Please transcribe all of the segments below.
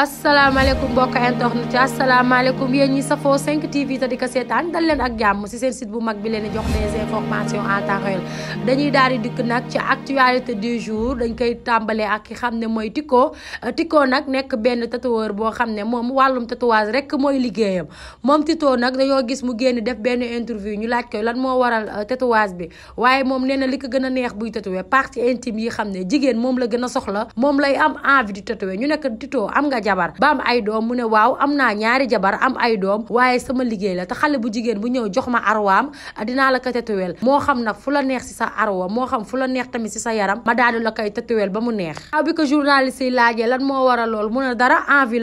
asalaamaaleykum mbokk internet ci asalaamaaleykum yéen ñi safoo 5 TV ta di ko seetaan dal leen ak jàmm si seen site bu mag bi leen jox des informations en temps dañuy daal di dikk nag ci actualité du jour dañ koy tàmbalee ak ki xam ne mooy Tyco Tyco nag nekk benn tatoueur boo xam ne moom wàllum tatouage rek mooy liggéeyam moom Tyco nag dañoo gis mu génn def benn interview ñu laaj ko lan moo waral euh, tatouage bi waaye moom nee na li ko gën a neex buy tatoué partie intime yi xam ne jigéen moom la gën a soxla moom lay am envie ñu nekk Tyco am nga jabar ba am ay doom mu ne waaw am naa ñaari jabar am ay doom waaye sama liggéey la te xale bu jigéen bu ñëw jox ma arwaam dinaa la ko tatuwel moo xam nag la neex si sa arwa moo xam fu la neex tamit si sa la koy tatuwel ba mu neex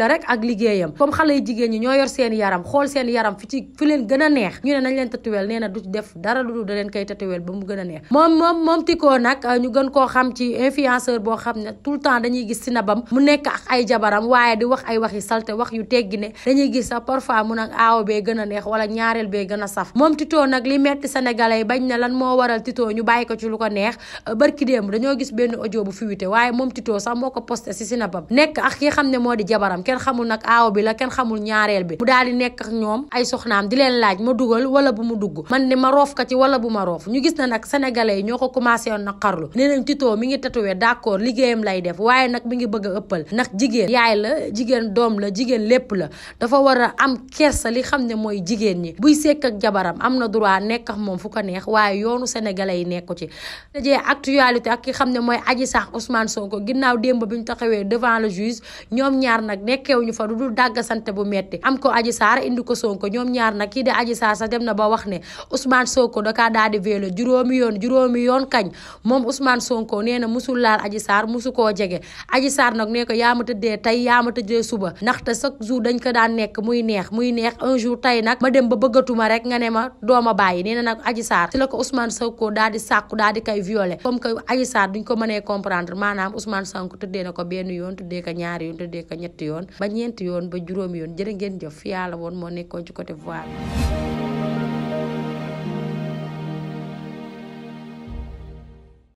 la rek ak liggéeyam comme xale yu jigéen ñi ñoo yor seen yaram xool seen yaram fi ci fi leen gën a da leen a moom moom moom nag ñu gën koo xam ci influenceur boo xam ne tout temps dañuy gis si nabam mu nekk ay jabaram waaye gars yi di wax ay wax yi salte wax yu teggi ne dañuy gis sax parfois mu nag aaw bee gën a neex wala ñaareel bee gën a saf moom Tito nag li metti sénégalais yi bañ na lan moo waral Tito ñu bàyyi ko ci lu ko neex barki démb dañoo gis benn audio bu fuité waaye moom Tito sax moo ko posté si sinapam nekk ak xam ne moo di jabaram kenn xamul nag aaw bi la kenn xamul ñaareel bi mu daal di nekk ñoom ay soxnaam di leen laaj ma dugal wala bu mu dugg man ne ma roof ka ci wala bu ma roof ñu gis na nag sénégalais yi ñoo ko commencé woon naqarlu nee nañ Tito mi ngi tatoué d'accord liggéeyam lay def waaye nag mi ngi a la jigéen doom la jigéen lépp la dafa war a am kersa li xam ne mooy jigéen ñi buy sekk ak jabaram am na droit nekk moom fu ko neex waaye yoonu sénégalais yi nekku ci dajee actualité ak ki xam ne mooy Adji Sarr Ousmane Sonko ginnaaw démb bi ñu taxawee devant le ñoom ñaar nag nekkeew fa du dul dàggasante bu metti am ko Adji Sarr indi ko Sonko ñoom ñaar nag kii di Adji Sarr sax dem na ba wax ne Ousmane Sonko dakaa daal juróomi yoon kañ moom Ousmane Sonko nee na musul laal Adji Sarr musu koo jege Adji nag nee ko yaa tëddee tey yaa ma tëjee suba ndaxte chaque jour dañ ko daan nekk muy neex muy neex un jour tey nag ma dem ba bëggatuma rek nga ne ma dooma bàyyi nee na nag Adji Sarr ci la ko Ousmane Sonko daal di sàkku daal di koy violé comme que Adji Sarr ñu ko mënee comprendre maanaam Ousmane Sonko tëddee na ko benn yoon tëddee ko ñaari yoon tëddee ko ñetti yoon ba ñeenti yoon ba juróom yoon jërë ngeen jëf fi yàlla woon moo nekkoon ci côté voile